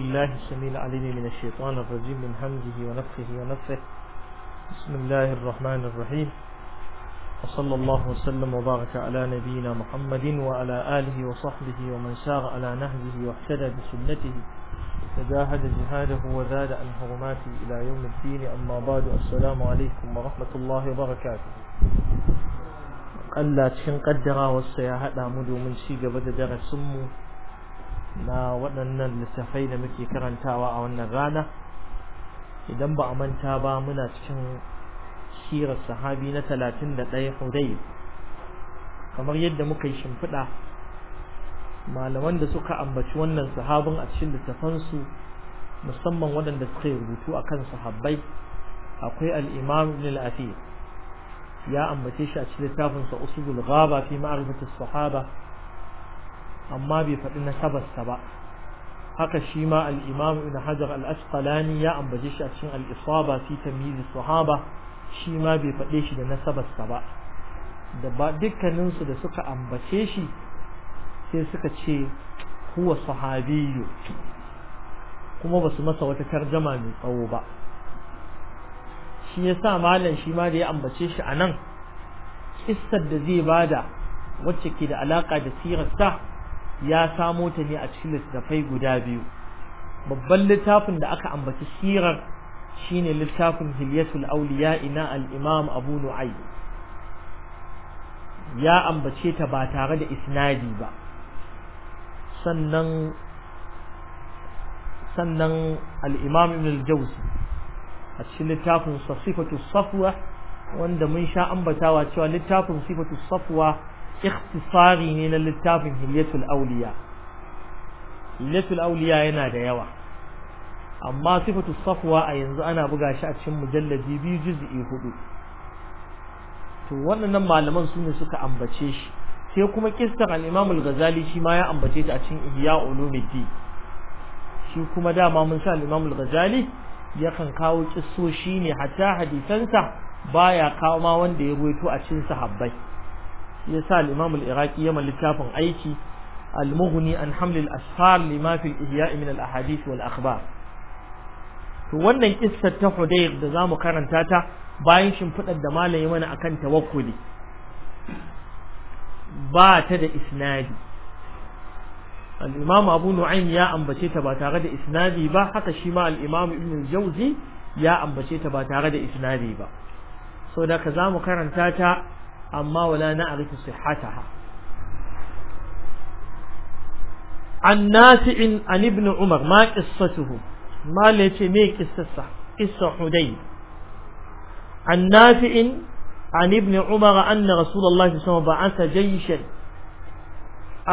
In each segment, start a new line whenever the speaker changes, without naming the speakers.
الله السميع العليم من الشيطان الرجيم من همزه ونفخه ونفخه بسم الله الرحمن الرحيم وصلى الله وسلم وبارك على نبينا محمد وعلى آله وصحبه ومن سار على نهجه واحتدى بسنته تجاهد جهاده وزاد عن حرماته إلى يوم الدين أما بعد السلام عليكم ورحمة الله وبركاته ألا تشن قدر والسياحة مدو من شيء بدرس سمه na waɗannan littafai da muke karantawa a wannan rana idan ba a manta ba muna cikin sirar sahabi na talatin da ɗaya hudayb kamar yadda muka yi shimfiɗa malaman da suka ambaci wannan sahabin a cikin littafansu musamman waɗanda suka yi rubutu a kan sahabbai akwai al'imam ibn al'afi ya ambace shi a cikin littafinsa usulul gaba fi ma'arifatis sahaba amma bai faɗi nasabarsa ba haka shi ma al ina hajar al-asqalani ya ambace shi a cikin alisaba isaba fi tamyiz sahaba shi ma bai faɗe shi da nasabarsa ba da ba da suka ambace shi sai suka ce huwa sahabiyyu kuma basu masa wata tarjama mai tsawo ba shi yasa malam shi ma da ya ambace shi a nan kissar da zai bada wacce ke da alaka da sirarsa ya samo ta ne a cikin littafai guda biyu babban littafin da aka ambaci sirar shine littafin hilyatul auliya ina al-imam abu nu'aym ya ambace ta ba tare da isnadi ba sannan sannan al-imam ibn al-jawzi a cikin littafin sifatu safwa wanda mun sha ambatawa cewa littafin sifatu safwa ikhtisari ne na littafin hilyatul auliya hilyatul auliya yana da yawa amma sifatu safwa a yanzu ana buga shi a cikin mujalladi biyu juz'i hudu to waɗannan malaman su ne suka ambace shi sai kuma kistar al-Imam al-Ghazali shi ma ya ambace ta a cikin Ihya Ulumuddin shi kuma dama mun sa al ga'zali al-Ghazali yakan kawo kissoshi ne hatta hadisansa baya kawo ma wanda ya ruwaito a cikin sahabbai ya sa Iraki ya ma littafin aiki al-mughni an hamlil asfar lima fi ihya min al-ahadith wal akhbar to wannan kissar ta hudayr da zamu karanta ta bayan shimfidar da malami mana akan tawakkuli ba ta da isnadi al-imam abu nu'aym ya ambace ta ba tare da isnadi ba haka shi ma al-imam ibn al-jawzi ya ambace ta ba tare da isnadi ba so da ka zamu karanta ta amma wala na'rifu sihhataha an nasi'in an ibn umar ma qissatuhu ma la yace me qissarsa qissa huday an nasi'in an ibn umar anna rasulullah sallallahu alaihi wasallam ba'atha jayshan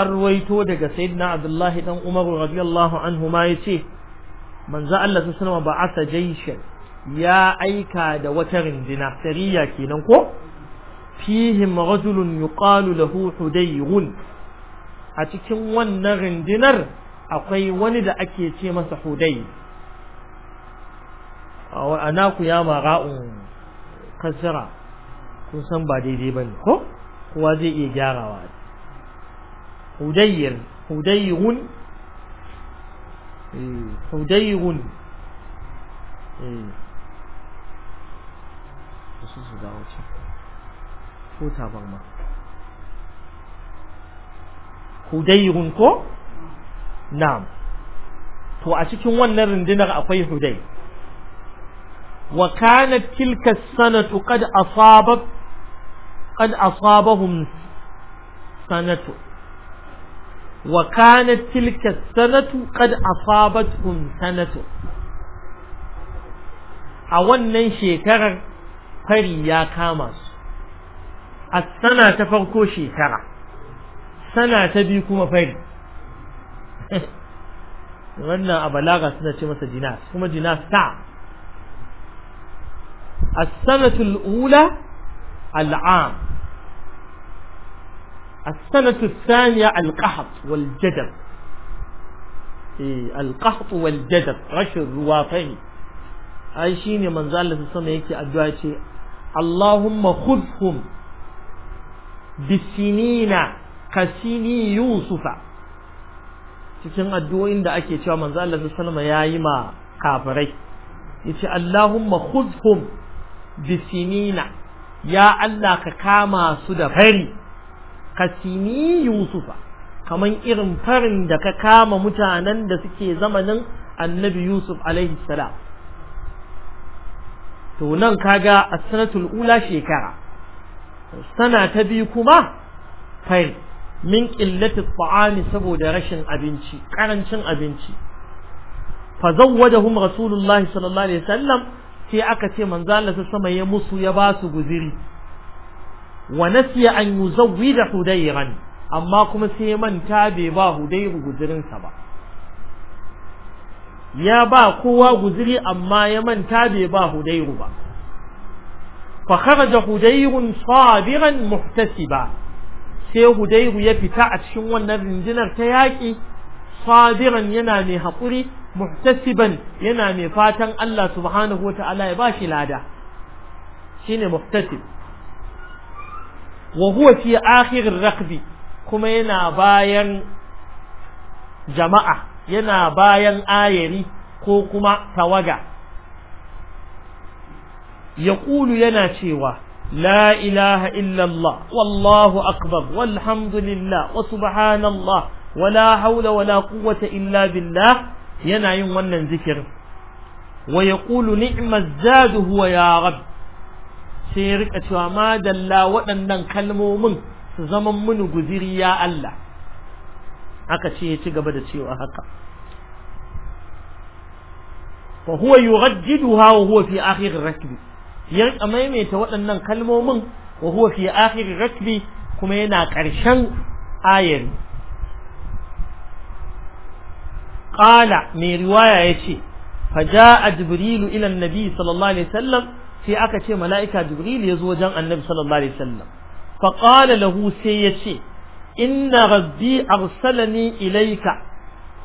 arwayto daga sayyidina abdullahi dan umar radiyallahu anhu ma yace manzo Allah sallallahu alaihi wasallam ba'atha jayshan ya aika da wata rindina sariya kenan ko fihim rajulun yuqalu lahu hudayrun a cikin wannan rindinar akwai wani da ake ce masa hudayr a naku ya mara'un kasira kun san ba daidai bane ko kowa zai iya gyarawa hudayyir hudayyun hudayyun eh, eh. su su dawo ko tabarma hudayrun ko na'am to a cikin wannan rundunar akwai hudai wa kanat tilka sanatu qad asabat qad asabahum sanatu wa kanat tilka sanatu qad asabatuhum sanatu a wannan shekarar fari ya kama su السنه تفرقو شيكرا سنه تبي كما فيري وانا سنه تشي جناس كما جناس تاع السنه الاولى العام السنه الثانيه القحط والجدب إيه، القحط والجدب رش الرواطين عايشين يا منزل الله سبحانه يكي ادعاء اللهم خذهم bisinina kasini yusufa cikin addu'o'in da ake cewa manzo Allah sallama yayi ma kafirai yace Allahumma khudhhum bisinina ya Allah ka kama su da fari kasini yusufa kaman irin farin da ka kama mutanen da suke zamanin annabi yusuf alaihi salam to nan kaga as-sanatul ula shekara sana ta biyu kuma fari min qillati ta'ami saboda rashin abinci karancin abinci fa zawwadahum rasulullahi sallallahu alaihi wasallam sai aka ce manzo Allah sama ya musu ya ba su guziri wa nasiya an yuzawwida hudayran amma kuma sai manta bai ba hudayru guzirin sa ba ya ba kowa guziri amma ya manta bai ba hudayru ba fa kharaja hudayrun sabiran muhtasiba sai Hudairu ya fita a cikin wannan rindinar ta yaƙi sabiran yana mai haƙuri muhtasiban yana mai fatan Allah subhanahu ta'ala ya bashi lada shine muhtasib wa huwa fi akhir raqbi kuma yana bayan jama'a yana bayan ayari ko kuma tawaga yaqulu yana cewa la ilaha illallah wallahu akbar walhamdulillah wa subhanallah wala haula wala quwwata illa billah yana yin wannan zikirin wa yaqulu ni'ma zadu huwa ya rab sai ya rika cewa ma waɗannan kalmomin su zaman mini guziri ya Allah aka ce ya ci gaba da cewa haka fa huwa yurajjiduha wa huwa fi akhir rakbi ya rika maimaita waɗannan kalmomin wa huwa fi akhir rakbi kuma yana ƙarshen ayar qala mai riwaya yace faja'a jibrilu ila annabi sallallahu alaihi wasallam sai aka ce mala'ika jibril ya zo wajen annabi sallallahu alaihi wasallam fa qala lahu sai yace inna rabbi arsalani ilayka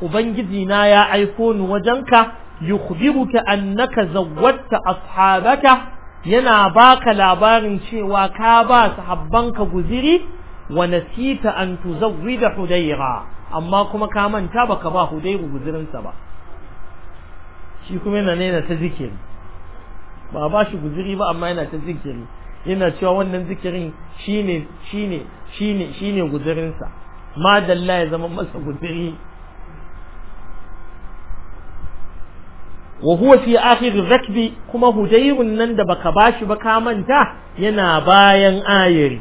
ubangiji na ya aiko ni wajenka yukhbiruka annaka zawwatta ashabaka yana baka labarin cewa ka ba sahabbanka guziri wa nasita an tuzawwida hudayra amma kuma ka manta baka ba hudayru guzirinsa ba shi kuma yana ne ta zikiri ba ba shi guziri ba amma yana ta zikiri yana cewa wannan zikirin shine shine shine shine guzirinsa ma dalla ya zama masa guziri wa huwa fi akhir zakbi kuma hudayrun nan da baka bashi ba ka manta yana bayan ayari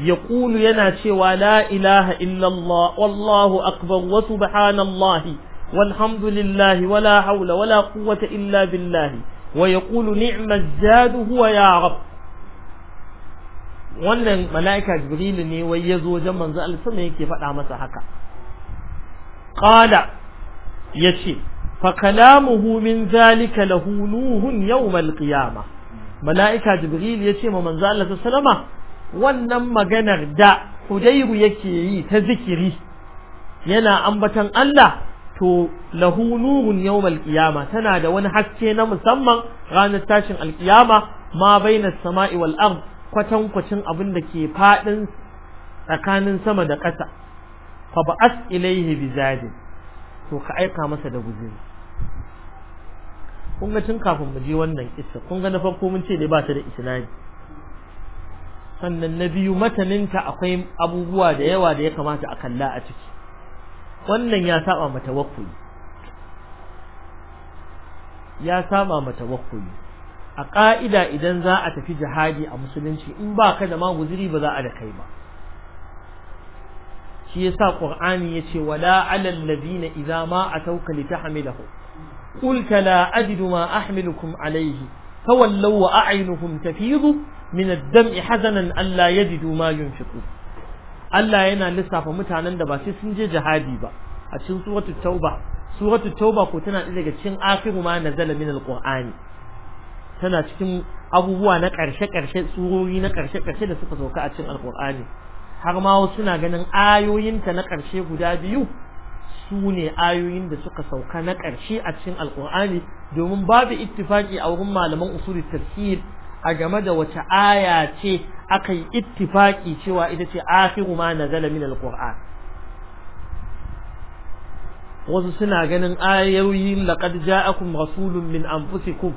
yaqulu yana cewa la ilaha illa Allah wallahu akbar wa subhanallahi walhamdulillahi wala hawla wala quwwata illa billah wa yaqulu ni'ma zadu huwa ya rab wannan mala'ika jibril ne wai yazo wajen manzo Allah yake faɗa masa haka qala yace fa kalamuhu min zalika lahu nuhun yawmal qiyamah mala'ika jibril yace ma manzo Allah sallama wannan maganar da Kudairu yake yi ta zikiri yana ambatan Allah to lahu nurun yawmal tana da wani haske na musamman ranar tashin alqiyama ma baina samai wal ard kwatan kwacin abin da ke fadin tsakanin sama da ƙasa fa ba'as ilaihi bizadi to ka aika masa da guzuri kun ga tun kafin mu je wannan kissa kun ga na farko mun ce ne ba ta da isnadi sannan na biyu mataninta akwai abubuwa da yawa da ya kamata a kalla a ciki wannan ya saba ma tawakkuli ya saba tawakkuli a ka'ida idan za a tafi jihadi a musulunci in ba ka da maguziri ba za a da kai ba shi yasa qur'ani yace wala alal ladina idza ma ta litahmilahu قلت لا أجد alaihi. أحملكم عليه فولوا وأعينهم تفيض من الدمع حزنا ألا يجدوا ما ينفقون Allah yana lissafa mutanen da ba sai sun je jihadi ba a cikin suratul tauba tana ɗaya daga cikin akhiru ma nazala min alqur'ani tana cikin abubuwa na ƙarshe ƙarshe surori na ƙarshe ƙarshe da suka sauka a cikin alqur'ani har ma wasu suna ganin ayoyinta na ƙarshe guda biyu su ne ayoyin da suka sauka na ƙarshe a cikin alƙur'ani domin babu ittifaki a wurin malaman usulul tafsir a game da wace aya ce aka yi ittifaki cewa ita ce akhiru ma nazala min alqur'an wasu suna ganin ayoyin laqad ja'akum rasulun min anfusikum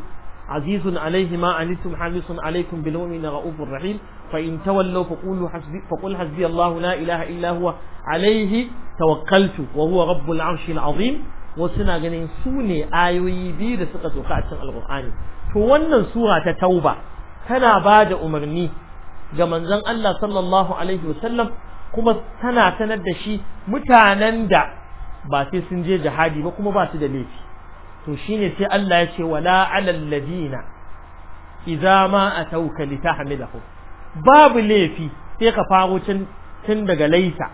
عزيز عليه ما عنتم حريص عليكم بالمؤمن رؤوف رحيم فإن تولوا فقولوا حسبي فقل حسبي الله لا إله إلا هو عليه توكلت وهو رب العرش العظيم وسنا ganin su ne ayoyi biyu da suka soka a cikin alkur'ani to wannan sura ta tauba tana ba da umarni ga manzon Allah sallallahu alaihi wasallam kuma tana sanar da shi mutanen da ba sai sun je jihadi ba kuma ba su da laifi to shine sai Allah ya ce wala alal ladina idza ma atauka litahmilahu babu laifi sai ka faro tun tun daga laisa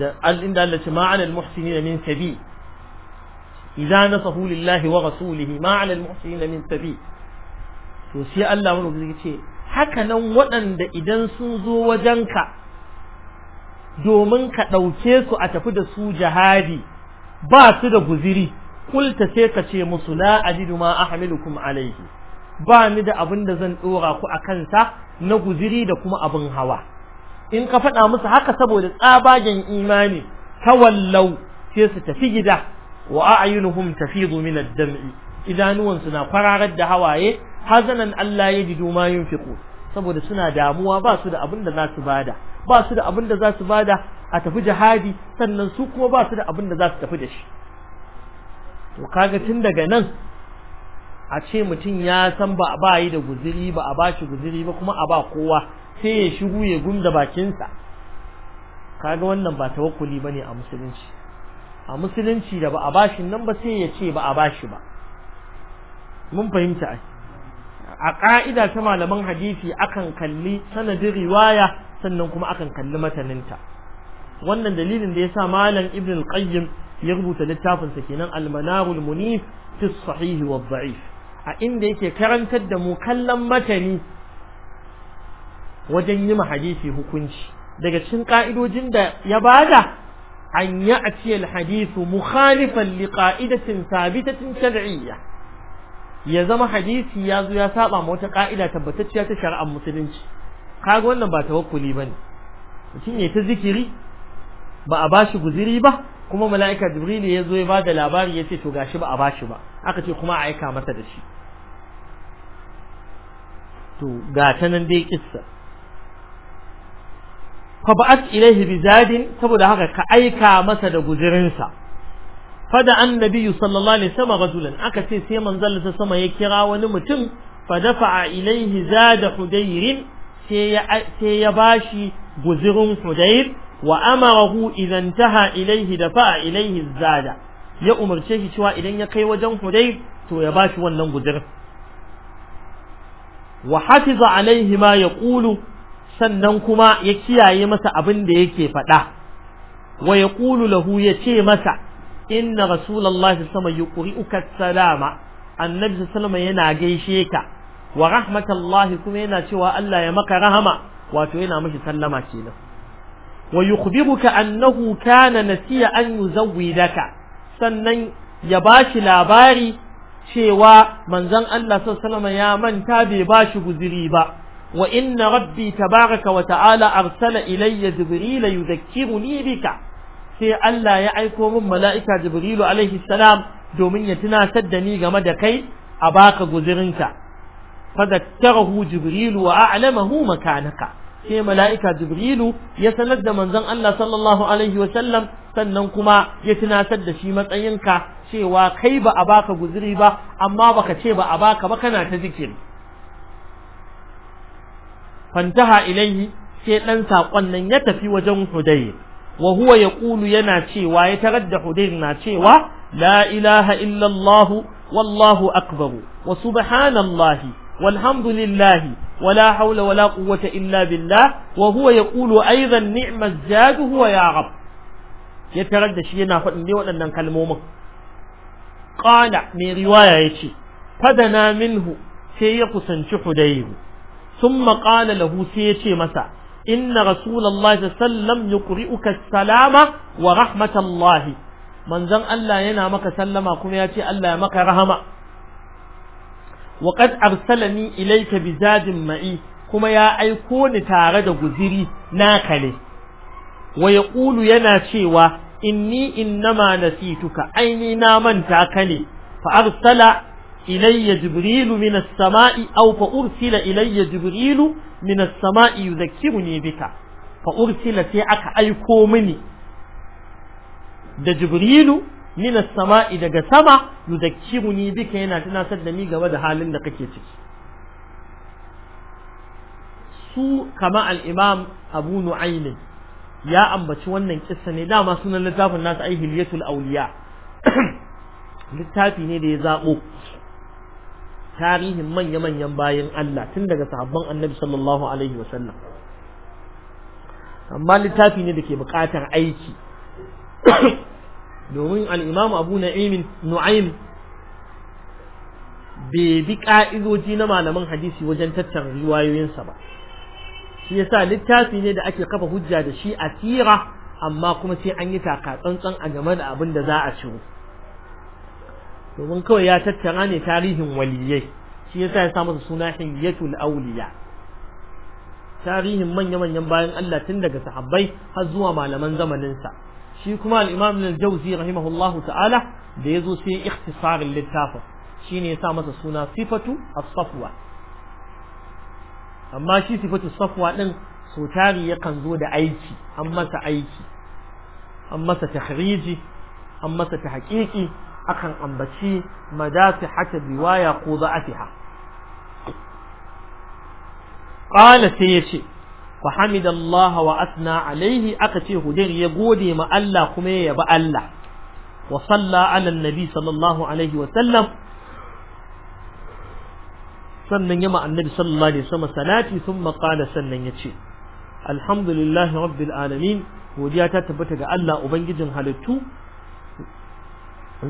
da inda Allah ce ma alal muhsinina min sabi idza nasahu lillahi wa rasulihi ma alal muhsinina min sabi to sai Allah mun ce haka nan waɗanda idan sun zo wajenka domin ka ɗauke su a tafi da su jihadi ba su da guziri kulta sai ka ce musu la ajidu ma ahmilukum alaihi ba ni da abin da zan dora ku a kansa na guziri da kuma abin hawa in ka faɗa musu haka saboda tsabagen imani tawallau sai su tafi gida wa a'yunuhum tafidu min ad-dam'i idanuwansu na kwararar da hawaye hazanan Allah yajidu ma yunfiqu saboda suna damuwa ba su da abin da za su bada ba su da abin da za su bada a tafi jihadi sannan su kuma ba su da abin da za su tafi da shi to kaga tun daga nan a ce mutum ya san ba a bayi da guziri ba a ba shi guziri ba kuma a ba kowa sai ya shigo ya gunda bakinsa kaga wannan ba tawakkuli bane a musulunci a musulunci da ba a bashi nan ba sai ya ce ba a bashi ba mun fahimta ai a ka'ida ta malaman hadisi akan kalli sanadin riwaya sannan kuma akan kalli mataninta wannan dalilin da sa malam ibn al-qayyim ya rubuta littafin sa kenan al muni munif fi sahih wa a inda yake karantar da mu kallon matani wajen yi hadisi hukunci daga cikin ka'idojin da ya bada an ya'ti al-hadithu mukhalifan li qa'idatin thabitatin shar'iyyah ya zama hadisi ya zo ya saba ma wata ka'ida tabbatacciya ta shari'ar musulunci kaga wannan ba tawakkuli bane mutum ya ta zikiri ba a bashi guziri ba kuma mala'ika jibril ya zo ya bada labari ya ce to gashi ba a bashi ba aka ce kuma a aika masa da shi to ga ta nan dai kissa fa ba'at ilaihi bizadin saboda haka ka aika masa da guzirinsa fada annabi sallallahu alaihi wasallam rajulan aka ce sai manzon ta sama ya kira wani mutum fa dafa'a ilaihi zada hudayr sai ya sai ya bashi guzirin hudayr wa amarahu idan taha ilaihi da fa'a ilaihi zada ya umarce shi cewa idan ya kai wajen hudai to ya bashi wannan gujirin wa hafiza alaihi ma ƙulu sannan kuma ya kiyaye masa abin da yake faɗa wa ƙulu lahu ya ce masa inna rasulullahi sama alaihi wasallam salama annabi sallallahu yana gaishe ka wa rahmatullahi kuma yana cewa Allah ya maka rahama wato yana mashi sallama kenan wa yukhbiruka annahu kana nasiya an yuzawwidaka sannan ya bashi labari cewa manzon Allah sallallahu ya manta bai bashi guziri ba wa inna rabbi tabaraka wa ta'ala arsala ilayya jibril yuzakkiruni bika sai Allah ya aiko min mala'ika jibrilu alaihi salam domin ya tunatar da ni game da kai a baka guzirinka fadakkarahu jibrilu wa a'lamahu makanaka sai mala'ika jibrilu ya sanar da manzon Allah sallallahu alaihi wa sallam sannan kuma ya tunatar da shi matsayinka cewa kai ba a baka guzuri ba amma baka ce ba a baka ba kana ta zikiri fantaha ilaihi sai dan sakon nan ya tafi wajen hudayr wa huwa yaqulu yana cewa ya tarar da hudayr na cewa la ilaha illa allah wallahu akbar wa subhanallahi والحمد لله ولا حول ولا قوة إلا بالله وهو يقول أيضا نعم الزاد هو يا رب يتردد شيئا فإني وأن نكلمه قال من رواية يشي فدنا منه سيق سنشح ديه ثم قال له سيشي مسا إن رسول الله صلى الله عليه وسلم يقرئك السلام ورحمة الله من زن الله ينامك سلم أقول يا الله يمك رحمه wa qad arsalani ilayka bi zadin ma'i kuma ya aiko ni tare da guziri na kale wa yaqulu yana cewa inni innama nasituka aini na manta ka ne fa arsala ilayya jibrilu min as-sama'i aw fa ursila ilayya jibrilu min as-sama'i yuzakkiruni bika fa ursila sai aka aiko mini da jibrilu min as-sama'i daga sama yudakkiruni bika yana tunatar da ni gaba da halin da kake ciki su kama al-imam Abu Nu'aym ya ambaci wannan kissa ne dama sunan littafin nasu ai Hilyatul Awliya littafi ne da ya zabo tarihin manya-manyan bayan Allah tun daga sahabban Annabi sallallahu alaihi wasallam amma littafi ne da ke bukatar aiki domin al'imam abu na'imin nu'aim bai bi ƙa'idoji na malaman hadisi wajen tattara riwayoyinsa ba shi yasa littafi ne da ake kafa hujja da shi a tira amma kuma sai an yi taka tsantsan a game da abin da za a ciro domin kawai ya tattara ne tarihin waliyai shi yasa ya sa masa suna hiyatul auliya tarihin manya-manyan bayan Allah tun daga sahabbai har zuwa malaman zamaninsa shi kuma al-imam al-jawzi rahimahullahu ta'ala da yazo sai ikhtisarin littafin shine ya sa masa suna sifatu as-safwa amma shi sifatu safwa din so tari yakan zo da aiki an masa aiki an masa tahriji an masa tahqiqi akan ambaci madasihata biwaya ko da'atiha qala sai yace fa hamidallaha wa asna alaihi aka ce hudair ya gode ma Allah kuma ya yabi Allah wa salla ala annabi sallallahu wa sallam sannan ya ma annabi sallallahu alaihi wasallam salati thumma qala sannan ya ce alhamdulillahi rabbil alamin godiya ta tabbata ga Allah ubangijin halittu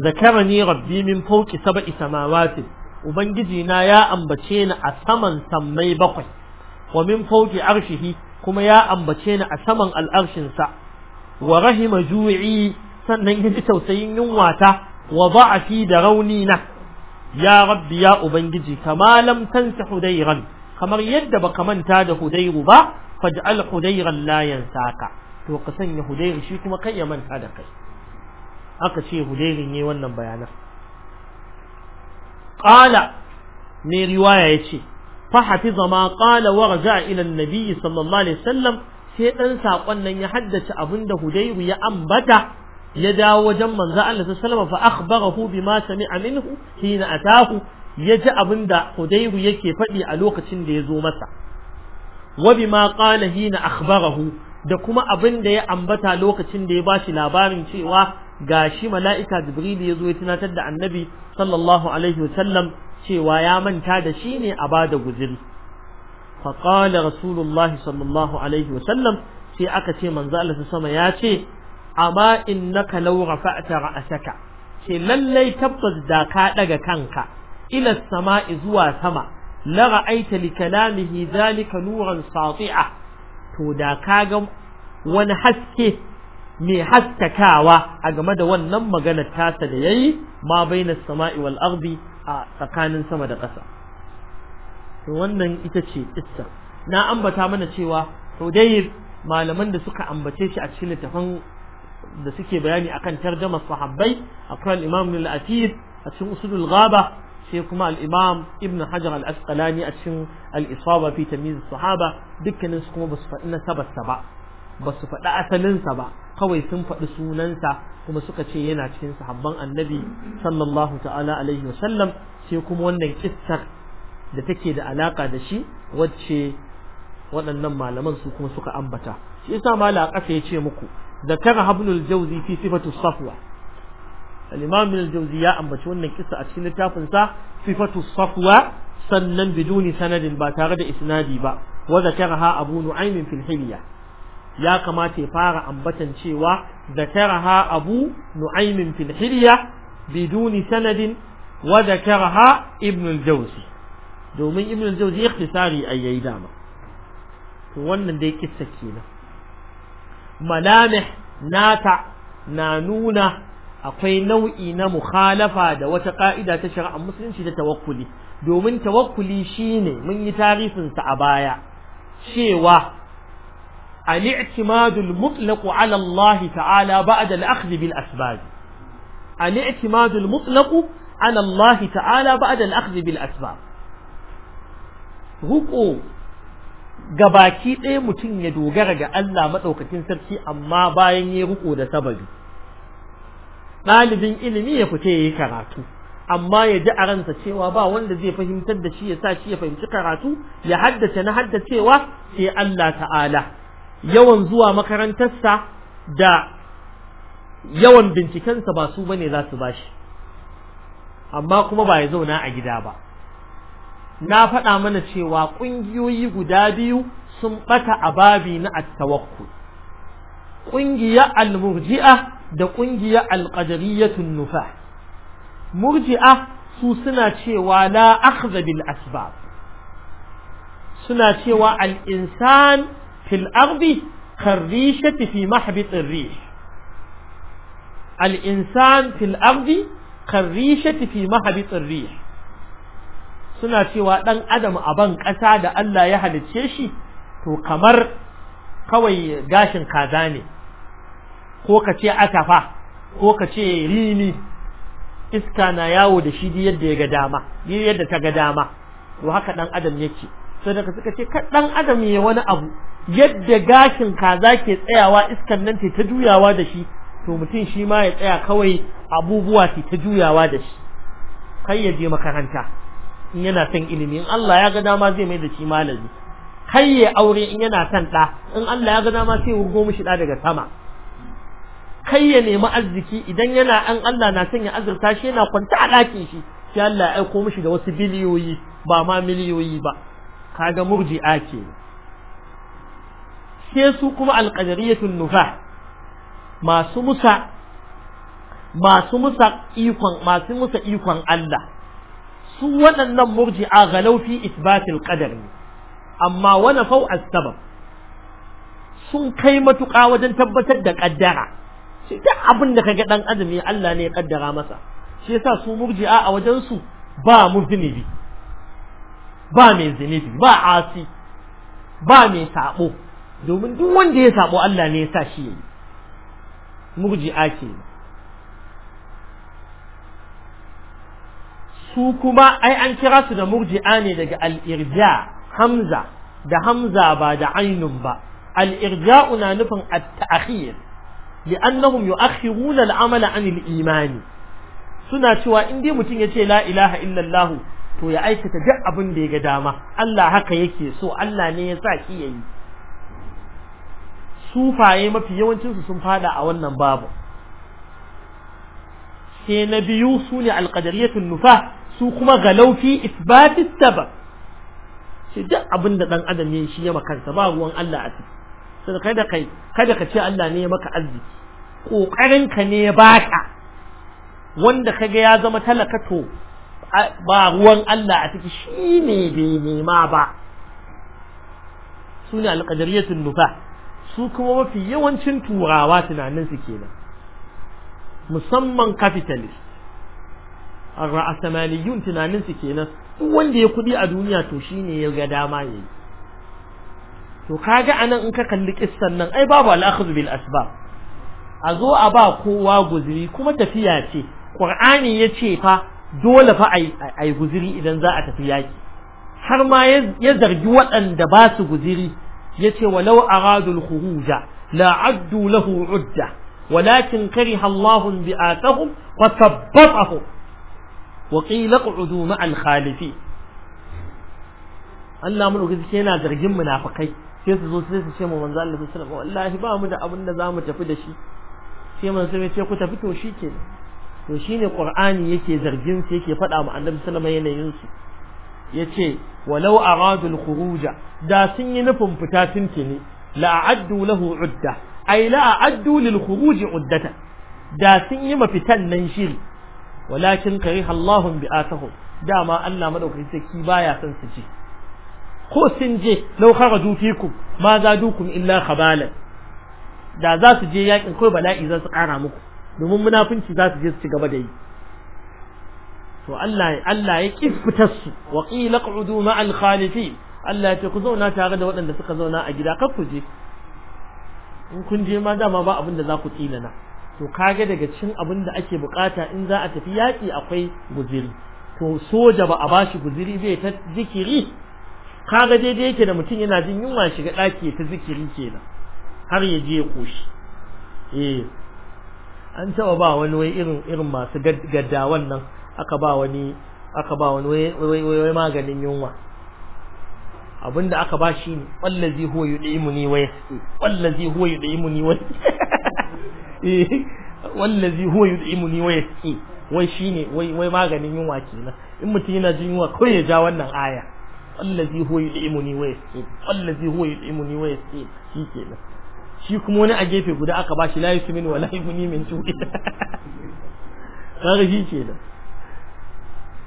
zakarani rabbi min fawqi sab'i ubangiji na ya ambace ni a saman sammai bakwai wa min fawqi arshihi kuma ya ambace ni a saman al'arshin sa wa rahima ju'i sannan yaji tausayin yunwa ta, wa da'afi da rauni na ya rabbi ya ubangiji kama lam tansa hudayran kamar yadda baka manta da hudayru ba faj'al hudayran la yansaka to ka sanya hudayru shi kuma kai ya manta da kai aka ce hudayrin ne wannan bayanan qala ne riwaya yace fa hafiza ma qala wa raja ila annabi sallallahu alaihi sai dan sakon nan ya haddace abinda hudayru ya ambata ya dawo wajen manzo Allah sallallahu alaihi wasallam fa akhbarahu bima sami'a minhu hina atahu ya ji abinda hudayru yake faɗi a lokacin da ya zo masa wa bima qala hina akhbarahu da kuma abin da ya ambata lokacin da ya bashi labarin cewa gashi mala'ika jibril ya zo ya tunatar da annabi sallallahu alaihi wasallam cewa ya manta da shi ne a bada guziri faƙala rasulullah sallallahu alaihi wasallam sai aka ce manzo Allah sama ya ce amma innaka law rafa'ta ra'saka ce lallai tabbas da ka daga kanka ila sama'i zuwa sama la ra'aita li kalamihi zalika nuran sati'a to da ka ga wani haske mai haskakawa a game da wannan maganar tasa da yayi ma baina sama'i wal ardi a tsakanin sama da ƙasa to wannan ita ce kissa na ambata mana cewa Hudayr malaman da suka ambace shi a cikin littafin da suke bayani akan tarjamar sahabbai akwai al-Imam al-Atib a cikin Usulul Ghaba sai kuma al-Imam Ibn Hajar al-Asqalani a cikin al-Isaba fi Tamyiz as-Sahaba dukkanin su kuma basu faɗi nasabarsa ba ba su faɗi asalinsa ba kawai sun faɗi sunansa kuma suka ce yana cikin sahabban annabi sallallahu ta'ala alaihi wasallam sai kuma wannan kissar da take da alaka da shi wacce waɗannan malaman su kuma suka ambata shi yasa mala a ya ce muku zakara habnul jawzi fi sifatu safwa al-imam ibn al-jawzi ya ambaci wannan kissa a cikin littafin sa sifatu safwa sannan biduni sanadin ba tare da isnadi ba wa ha abu nu'aym fil hilya ya kamata ya fara ambatan cewa zakaraha abu nu'aymin fil hilya biduni sanadin wa zakaraha ibn al-jawzi domin ibn al-jawzi ikhtisari ayyai dama to wannan dai kissa kenan malamih nata na nuna akwai nau'i na mukhalafa da wata ka'ida ta shari'ar musulunci da tawakkuli domin tawakkuli shine mun yi tarifinsa a baya cewa الاعتماد المطلق على الله تعالى بعد الأخذ بالأسباب الاعتماد المطلق على الله تعالى بعد الأخذ بالأسباب ruko gabaki ɗaya mutum ya dogara ga Allah maɗaukakin sarki amma bayan ya ruko da sababi ɗalibin ilimi ya fita ya yi karatu amma ya ji a ransa cewa ba wanda zai fahimtar da shi ya sa shi ya fahimci karatu ya haddace na haddacewa sai Allah ta'ala yawan zuwa makarantarsa da yawan bincikensa ba su bane za su bashi amma kuma ba ya zauna a gida ba na faɗa mana cewa ƙungiyoyi guda biyu sun ɓata a babi na attawakkul ƙungiyar al-murji'a da ƙungiyar al-qadariyatun nufa murji'a su suna cewa la akhdha bil asbab suna cewa al-insan fil ardi karrishati fi mahbitir rih al insan fil ardi suna cewa dan adam a ban ƙasa da Allah ya halicce shi to kamar kawai gashin kaza ne ko ka ce atafa ko ka ce rini iska na yawo da shi yadda ya ga dama yadda ta ga dama to haka dan adam yake sadaka suka ce kaɗan adam ya wani abu yadda gashin kaza ke tsayawa iskan nan ta juyawa da shi to mutum shi ma ya tsaya kawai abubuwa ce ta juyawa da shi kai ya je makaranta in yana son ilimi in Allah ya ga dama zai mai da shi malami kai ya aure in yana son ɗa in Allah ya ga dama sai wurgo mishi ɗa daga sama kai ya nemi arziki idan yana an Allah na son ya azurta shi yana kwanta a ɗakin shi sai Allah ya aiko mishi da wasu biliyoyi ba ma miliyoyi ba kaga murji'a ke sai su kuma alqadariyatun nufa masu musa masu musa ikon masu musa ikon Allah su waɗannan murji'a galau fi isbatil qadar ne amma wani fau sabab sun kai matuƙa wajen tabbatar da ƙaddara shi duk abin da kaga dan azumi Allah ne ya ƙaddara masa shi yasa su murji'a a wajen su ba mu muzinibi ba mai zunubi ba asi ba mai sabo domin duk wanda ya sabo Allah ne ya sa shi yayi murji'a ke su kuma ai an kira su da murji'a ne daga al-irja hamza da hamza ba da ainun ba al na nufin at-ta'khir li'annahum yu'akhiruna al-amala 'an al-imani suna cewa in dai mutum yace la ilaha illallah to ya aikata duk abin da ya ga dama Allah haka yake so Allah ne ya sa shi yayi sufaye mafi yawancin su sun fada a wannan babu sai na biyu su ne alqadariyatun nufa su kuma galaufi isbatis sabab shi duk abin da dan adam ya shi ya makansa ba ruwan Allah a ciki sai kada kai kada ka ce Allah ne ya maka arziki kokarin ka ne ya baka wanda kaga ya zama talaka to ba ruwan Allah a ciki shi ne bai nema ba su ne alƙadariyatun nufa su kuma mafi yawancin turawa tunanin su kenan musamman capitalist ra'asamaniyun tunanin su kenan duk wanda ya kudi a duniya to shi ne ya ga dama yi to kaga anan in ka kalli kissan nan ai babu al'akhazu bil asbab a zo a ba kowa guzuri kuma tafiya ce qur'ani ce fa dole fa a yi guziri idan za a tafi yaki har ma ya zargi waɗanda ba su guziri ya ce walau aradul khuruja la addu lahu udda walakin kariha Allah bi'atahum wa tabbatahum wa qila qudu ma'al khalifi Allah mun gaske yana zargin munafikai sai su zo sai su ce mu manzo Allah sallallahu alaihi wallahi ba mu da abin da zamu tafi da shi sai manzo sai ce ku tafi to shikenan to shine qur'ani yake zargin su yake faɗa ma annabi sallama yanayin su yace walau aradu al da sun yi nufin fita tuntuni la a'addu lahu udda ay la a'addu lil uddata da sun yi mafitan nan shiri walakin kariha Allahu bi'atahum dama Allah madaukakin sarki baya san su ji ko sun je law kharaju fikum ma zadukum illa khabalan da za su je yakin kai bala'i za su kara muku domin munafinci za su je su ci gaba da yi to Allah Allah ya ki fitar su wa qila qudu ma al khalifin Allah ya ce ku zauna tare da waɗanda suka zauna a gida kar ku je in kun je ma dama ba abin da za ku tsina na to kage daga cin abin da ake bukata in za a tafi yaki akwai guziri to soja ba a bashi guziri bai ta zikiri kaga daidai yake da mutum yana jin yunwa shiga daki ta zikiri kenan har ya je ya koshi eh an taba ba wani wai irin irin masu gaddawan nan aka ba wani aka ba wani wai maganin yunwa abinda aka ba shi ne wallazi huwa yud'imuni wa yasqi wallazi huwa yud'imuni wa eh, wallazi huwa ni wa yasqi wai shine wai wai maganin yunwa kenan in mutum yana jin yunwa ko ya ja wannan aya wallazi huwa yud'imuni wa yasqi wallazi huwa ni wa yasqi shikenan shi kuma wani a gefe guda aka bashi la yusmin wa la yuni min su'i kaga shi da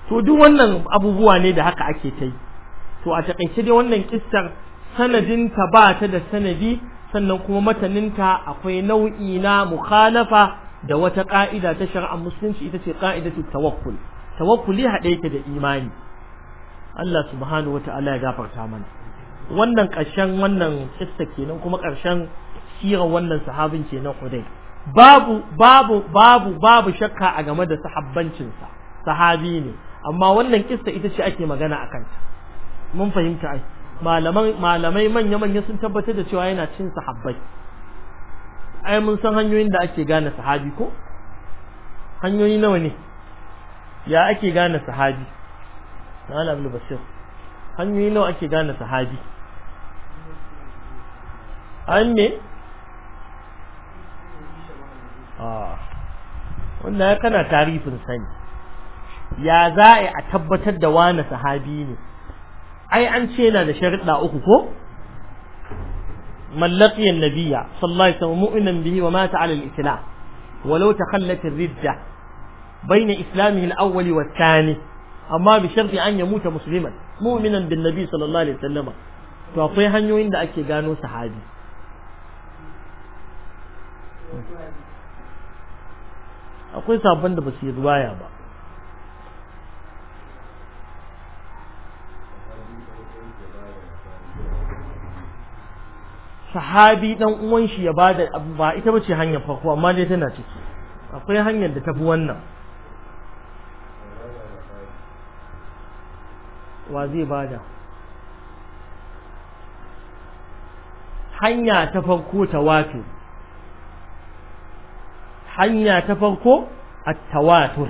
to duk wannan abubuwa ne da haka ake ta yi to a takaice dai wannan kissar sanadinta ba ta da sanadi sannan kuma mataninta akwai nau'i na mukhalafa da wata ƙa'ida ta shari'ar musulunci ita ce ka'idatu tawakkul tawakkuli haɗe yake da imani Allah subhanahu wata'ala ya gafarta mana wannan ƙarshen wannan kissa kenan kuma ƙarshen sirar wannan sahabin na Hudayr babu babu babu babu shakka a game da sahabbancinsa sahabi ne amma wannan kissa ita ce ake magana akan ta mun fahimta ai Malamai malamai manya manya sun tabbatar da cewa yana cin sahabbai ai mun san hanyoyin da ake gane sahabi ko hanyoyi nawa ne ya ake gane sahabi na Abdul Basir hanyoyi nawa ake gane sahabi an ne Ah. wanda ya kana tarifin sani ya za a tabbatar da wani sahabi ne ai an ce yana da sharuɗa uku ko mallaki annabiya sallallahu alaihi wasallam mu'minan bihi wa mata ala al-islam walau takhallat ar-ridda bayna islamihi al-awwal wa thani amma bi sharti an yamuta musliman mu'minan bin nabi sallallahu alaihi wasallam to akwai hanyoyin da ake gano sahabi akwai sabon da ba su yi ruwaya ba sahabi dan uwan shi ya bada ba ita bace hanyar farko amma dai tana ciki akwai hanyar da tafi wannan wa zai bada hanya ta farko ta wato hanya ta farko at-tawatur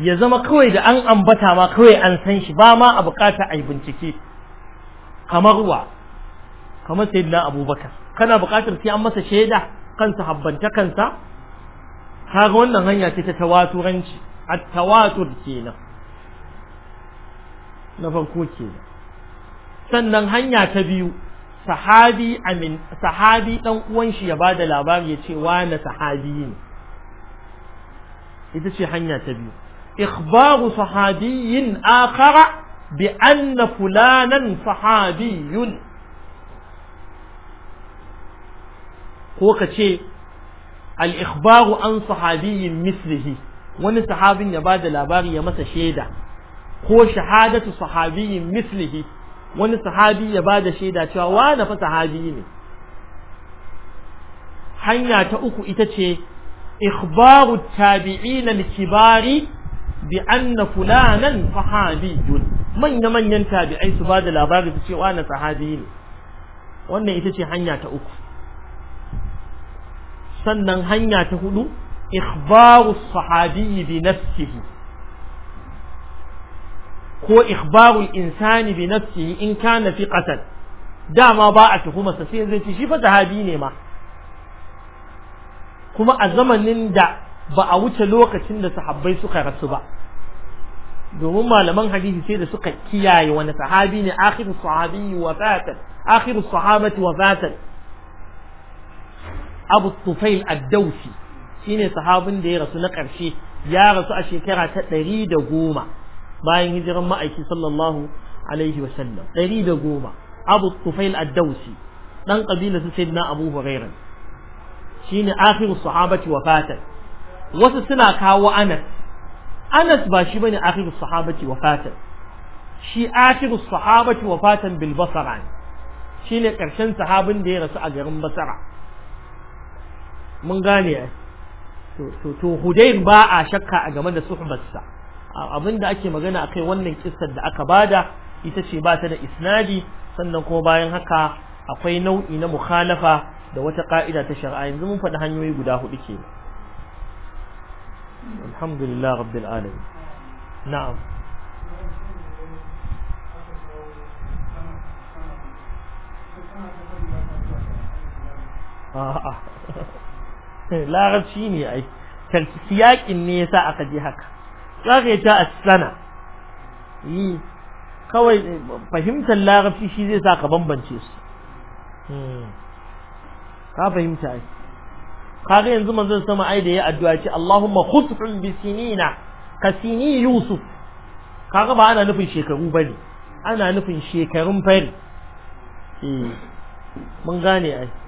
ya zama kawai da an ambata ma kawai an san shi ba ma a bukata a yi bincike kamar wa kamar sayyidina abubakar kana bukatar sai an masa shaida kansa habbanta kansa kaga wannan hanya ce ta tawaturanci at-tawatur kenan na farko kenan sannan hanya ta biyu sahabi amin sahabi dan uwan shi ya bada labari ya ce wani sahabi ne ita ce hanya ta biyu ikhbaru sahabiyin akara bi anna fulanan sahabiyun ko ka ce al ikhbaru an sahabiyin mislihi wani sahabin ya bada labari ya masa shaida ko shahadatu sahabiyin mislihi wani sahabi ya ba da shaida cewa wane fa sahabi ne hanya ta uku ita ce ikhbaru tabi'in kibari bi anna fulanan sahabiyun manya manyan tabi'ai su ba da labari su ce wane sahabi ne wannan ita ce hanya ta uku sannan hanya ta hudu ikhbaru sahabi bi nafsihi ko ikhbarul insani bi nafsihi in kana thiqatan dama ba a tuhuma sa sai zai ce shi fa sahabi ne ma kuma a zamanin da ba a wuce lokacin da sahabbai suka rasu ba domin malaman hadisi sai da suka kiyaye wani sahabi ne akhiru sahabi wa fatan akhiru sahabati wa fatan abu tufail ad-dawsi shine sahabin da ya rasu na karshe ya rasu a shekara ta ɗari da goma bayan hijiran ma'aiki sallallahu alaihi wasallam ɗari da goma abu tufail addausi ɗan ƙabila su sai na abu huraira shi ne akhiru sahabati wa fatan wasu suna kawo anas anas ba shi bane akhiru sahabati wa fatan shi akhiru sahabati wa fatan bil basra shi ne ƙarshen sahabin da ya rasu a garin basara mun gane to to hudayn ba a shakka a game da suhbarsa abin da ake magana akai wannan kissar da aka bada ita ce ba ta da isnadi sannan kuma bayan haka akwai nau'i na mukhalafa da wata ka'ida ta shari'a yanzu mun faɗi hanyoyi guda hudu ke alhamdulillah rabbil alamin na'am larabci ne ai siyakin ne yasa aka je haka za ka ta asana yi kawai eh, fahimtar larabci shi zai sa ka bambance su hmm. ka fahimta ai Kare yanzu zan sama ai da ya addu'a ce Allahumma khudhum bi sinina ka sini Yusuf kaga ba ana nufin shekaru bane ana nufin shekarun fari hmm. mun gane ai